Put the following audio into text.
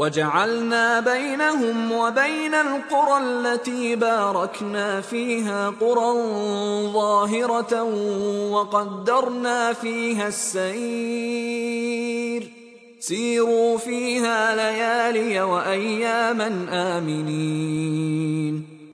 وجعلنا بينهم وبين القرى التي باركنا فيها قرى ظاهرة وقدرنا فيها السير سيروا فيها ليالي وأياما آمنين